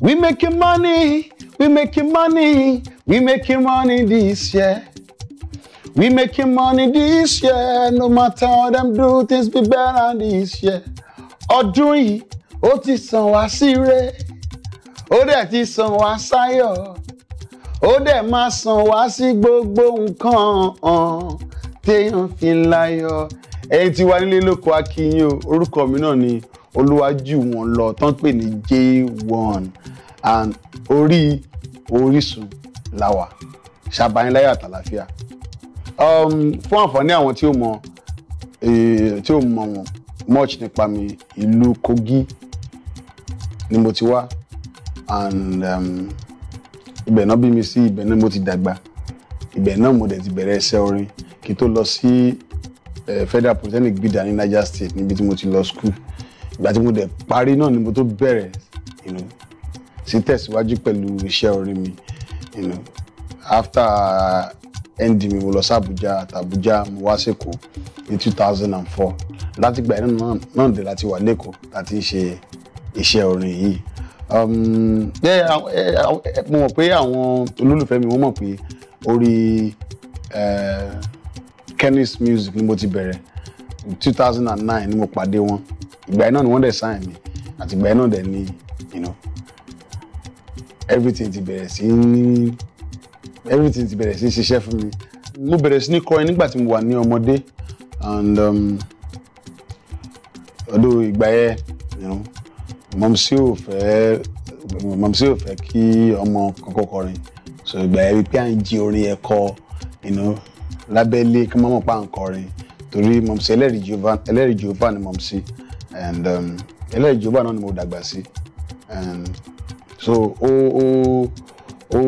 We making money, we making money, we making money this year. We making money this year, no matter how them do, things be better this year. Ọdún yìí, ó ti sàn wá síre, ó dẹ̀ ti sàn wá sáyọ̀ ó dẹ̀ máa sàn wá sí gbogbo nǹkan téèyàn fi ń láyọ̀ ẹ̀yin tí wà nílé lóko akínyìn orúkọ mi náà ni Olúwajùwọ̀n lọ tán pè ní J1 and orí Orísun làwà ṣàbániláyà àtàlàfíà um, fún àǹfààní àwọn tí ó mọ eh, tí ó mọ wọn much nípa mi ìlú Kogi ni mo ti wá and. Um, ibẹ̀ náà bí mi sí ibẹ̀ náà mo ti dàgbà ibẹ̀ náà mo dẹ̀ ti bẹ̀rẹ̀ iṣẹ́ orin kí n tó lọ sí eh, Federal Polytechnic Bida ní Niger State níbi tí mo ti lọ school ìgbà tí mo dẹ̀ parí náà ni mo tó bẹ̀rẹ̀ sí tẹ̀síwájú pẹ̀lú iṣẹ́ orin mi you know, after nd mi mo lọ sí Àbújá àtàbújá mo wá sẹ́kọ̀ọ́ ní two thousand and four látìgbà náà náà dé láti wà lẹ́kọ̀ọ́ láti ṣe iṣẹ́ orin yìí. Um, mo mọ̀ pé àwọn olólùfẹ́ mi wọ́n mọ̀ pé orí eh, Kenny's music ni mo ti bẹ̀rẹ̀ two thousand and nine ni mo pàdé wọn ìgbà yẹn náà ni wọ́n dẹ̀ sign mi àti ìgbà yẹn náà dẹ̀ ni you know, everything ti bẹ̀rẹ̀ sí ní everything ti bẹ̀rẹ̀ sí ṣiṣẹ́ fún mi mo bẹ̀rẹ̀ sí ní kọrin nígbà tí mo wà ní ọmọdé and um, ọdún ìgbà yẹn you know, mọ̀mísí ò fẹ́ mọ̀mísí ò fẹ́ kí ọmọ kankan kọrin so ìgbà yẹn wípé à ń jí orin yẹn kọ lábẹ́lé kí mọ́mọ́ pa ń kọrin torí mọ̀mísí ẹlẹ́rìí jehova ẹlẹ́rìí jehova ni mọ̀mísí and um, ẹlẹ́rìí jehova náà ni mo dàgbà sí and so ó ó ó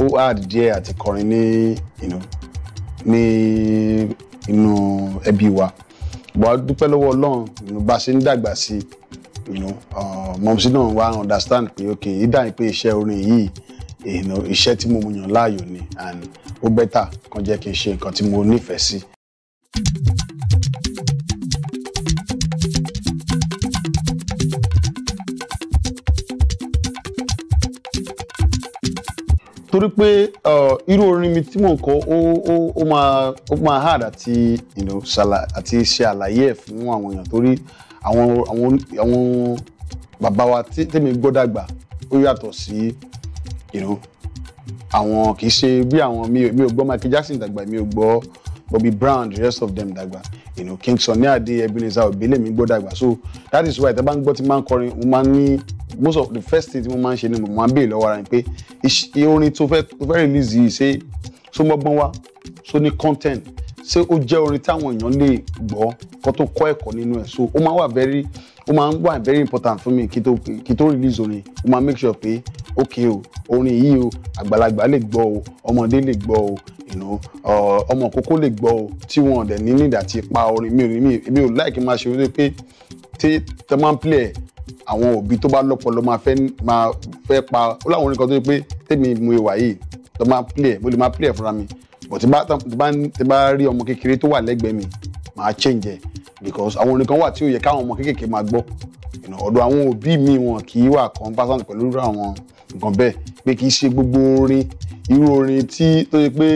ó hard díẹ̀ àti kọrin ní ní inú ẹbí wa bọ́ a dúpẹ́ lọ́wọ́ ọlọ́run bá a ṣe ń dàgbà sí i you know uh, mọ̀mùsí náà wá understand pé ok ìdá yìí pé iṣẹ́ orin yìí iṣẹ́ tí mo mú yàn láàyò ni and ó bẹ́tà kan jẹ́ kí n ṣe nǹkan tí mo nífẹ̀ẹ́ sí. torí pé uh, irú orin mi tí mò ń kọ ó máa hard àti ṣe àlàyé ẹ̀ fún àwọn èèyàn torí àwọn àwọn àwọn bàbá wa tèmi gbọ́ dàgbà ó yàtọ̀ sí ìró àwọn kì í ṣe bí àwọn mi ò gbọ́ Michael Jackson dàgbà mi ò gbọ́ Bobby Brown the rest of them dàgbà you know King Sunny Adé Ebenezer Obey lèmi gbọ́ dàgbà so that is why tẹ́bá ń gbọ́ tí máa ń kọrin mo máa ń ní most of the first thing tí mo máa ń ṣe ni mo máa ń béèrè lọ́wọ́ ara mi pé orin tó fẹ́ tó fẹ́ release yìí ṣé só mọ́gbọ́n wá só ní content ṣé ó jẹ́ orin táwọn èèyàn lè gbọ́ kó tó kọ́ ẹ̀kọ́ nínú ẹ̀ so ó máa wà very ó máa wà very important fún mi kí tó release orin ó máa make sure pé ok o orin yìí o àgbàlagbà lè gbọ́ o ọmọdé lè gbọ́ o ọmọ kókó lè gbọ́ o tí wọn ọ̀dẹ̀ ní nídà ti pa orin mi ò ní mi ò láì kí n máa ṣe wípé pé tí tẹ máa ń play ẹ̀ àwọn òbí tó bá lọ́pọlọ máa fẹ́ máa fẹ́ pa ó láwọn orin kan tó yẹ pé tèmi mu ìwà yìí tó máa play ẹ̀ mo lè máa play ẹ̀ fúnra mi but tí bá tí bá rí ọmọ kékeré tó wà lẹ́gbẹ̀ẹ́ mi màá change ẹ̀ because àwọn orin kan wà tí ó yẹ káwọn ọmọ kékèké máa gbọ́ ọ̀dọ̀ àwọn òbí mi wọn kì í wà kan pásán pẹ̀lú àwọn nǹkan bẹ́ẹ̀ pé kì í ṣe gbogbo orin irú orin tí tó ṣe pé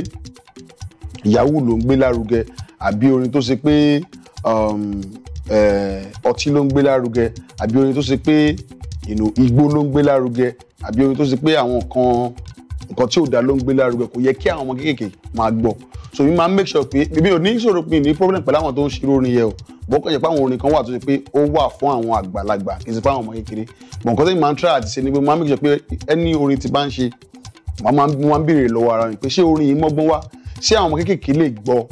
yahoo ló ń gbé lárugẹ àbí orin tó ṣe pé um, eh, ọtí ló ń gbé lárugẹ àbí orin tó ṣe pé igbó ló ń gbé lárugẹ àbí orin tó ṣe pé àwọn kan nǹkan tí ò dá ló ń gbé lárugẹ kò yẹ kí àwọn ọmọ kéékèèké máa gbọ́ so mi máa make sure pé bíbí ò ní ìṣòro pin ní problem pẹ̀lú àwọn tó ń ṣírò orin yẹn o bọ́kàn jẹ́ pé àwọn orin kan wà tó ṣe pé ó wà fún àwọn àgbàlagbà kì í ṣe fún àwọn ọmọ kékeré bọ̀ nǹkan tó yìí máa ń try àti ṣe ni pé máa ń make sure pé ẹni orin ti bá ń ṣe máa ń béèrè lọ́wọ́ ara mi pé ṣé orin yìí mọ́gbọ́n wá ṣé àwọn ọmọ kéékèèké lè gbọ́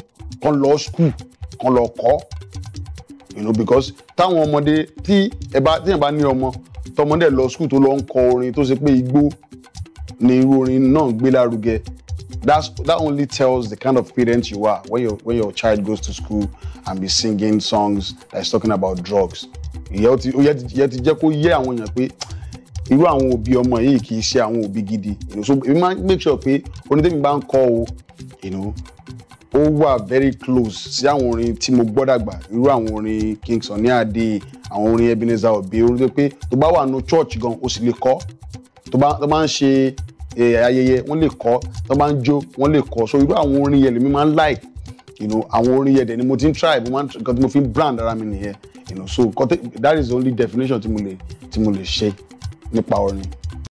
kan lọ school kan lọ kọ́ you know because táwọn ọmọdé tí ẹ bá tí ẹ bá ní ọmọ tọmọdé lọ school tó lọ ń kọ orin tó ṣe pé igbó ni irú orin náà gbé that's that only tells the kind of parent you are when your when your child goes to school and be singing songs that is talking about drugs ìyẹn ó ti ìyẹn ti jẹ́ kó yé àwọn èèyàn pé irú àwọn òbí ọmọ yìí kì í ṣe àwọn òbí gidi so we ma make sure pé onídẹ́mi bá ń kọ́ o you know ó wà very close sí àwọn orin tí mo gbọ́ dàgbà irú àwọn orin King Sunny Adé àwọn orin Ebenezer Obey orin tó pé tó bá wà nù church gan o sì lè kọ́ tó bá ń ṣe Eh, ayẹyẹ wọ́n lè kọ tó bá ń jó wọ́n lè kọ so irú àwọn orin yẹn lèmi máa ń like you know àwọn orin yẹn dẹ̀ ni mo ti ń try mo máa ń nǹkan tí mo fi ń brand ara mi nìyẹn you know so that is the only definition tí mo lè tí mo lè ṣe nípa orin.